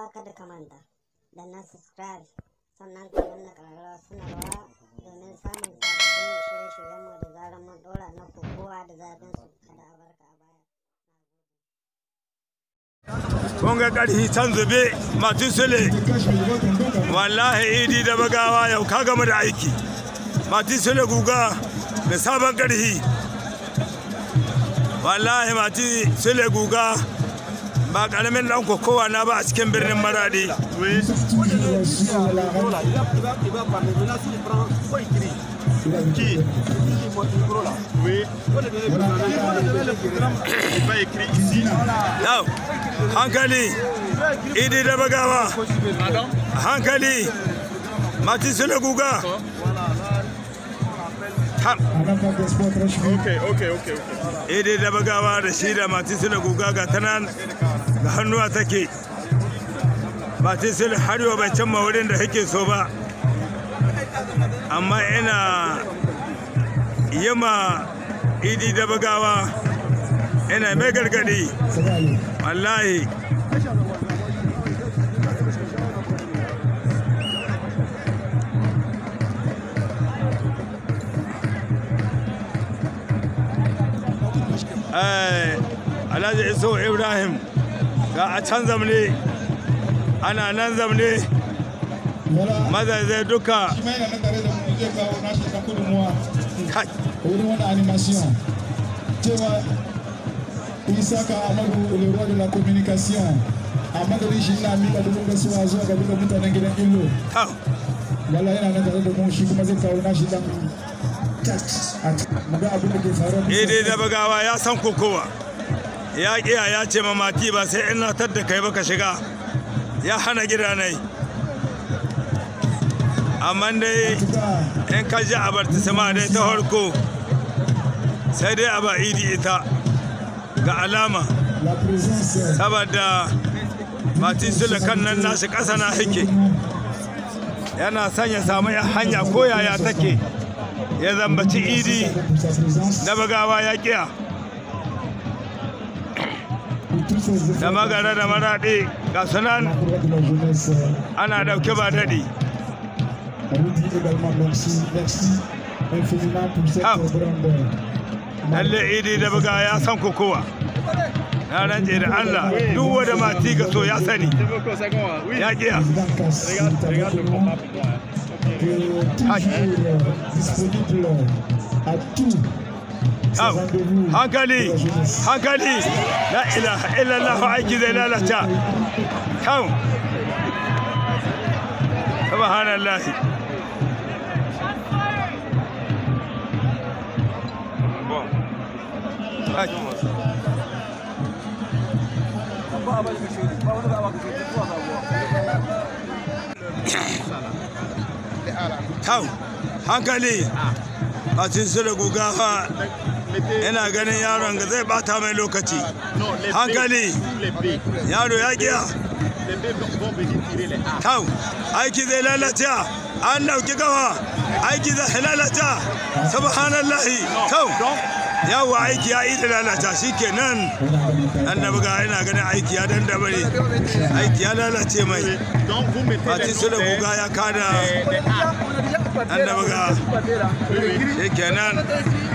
uwa kada ka manta da na subscribe sannan ka danna sanarwa samun sabbin shirye-shiryenmu da zarar a baya. Kun ga sule wallahi idi da bagawa yau ka gama da aiki masu sule guga da sabon ƙarfi wallahi masu sule guga ba karamin lanko kowa na ba a cikin birnin maradi hankali idi da bagawa hankali matisu na guga okay okay okay okay eh, da bagawa da shi da matisila guga ga tanan ga hannuwa take matisila har yau bai cimma wurin da yake so ba amma ina yima idi da bagawa ina mai gargadi wallahi Eh, alhaji iso ibrahim ga a can zamne ana nan zamne mazaizai duka isaka amadu lewa de la communication amadu rishi ina mika dubin gaisuwa zuwa ga duka mutanen gidan illo wala ina nan tare da mu shi kuma zai kawo na shi dan Ede da bagawa ya san kowa ya kiya ya ce mamaki ba sai ina natar da kai baka shiga ya hana gidanai amma dai in ka ji abartisima dai ta harko sai dai a ba idi ita ga alama saboda mati sula kan nan nashi ƙasa na hake yana sanya samu hanya ko yaya take ya zambaci idi na bagawa ya kiya da magana da maraɗe ga sunan ana dauke ba daɗi lalle idi da buga ya san kokowa na ranje da Allah duk wanda mati ga so ya sani ya kiya hankali hankali la ilaha illallah aiki zai lalata kan Kau, hankali a sura guga fa ina ganin yaron ga zai bata mai lokaci hankali yaro ya giya tau aiki zai lalata an dauki gawa aiki zai lalata subhanallahi tau yawa aiki ya yi da lalata shi kenan an da buga yana ganin aiki ya dan dabare aiki ya lalace mai fatin su da buga ya kada an da buga shi kenan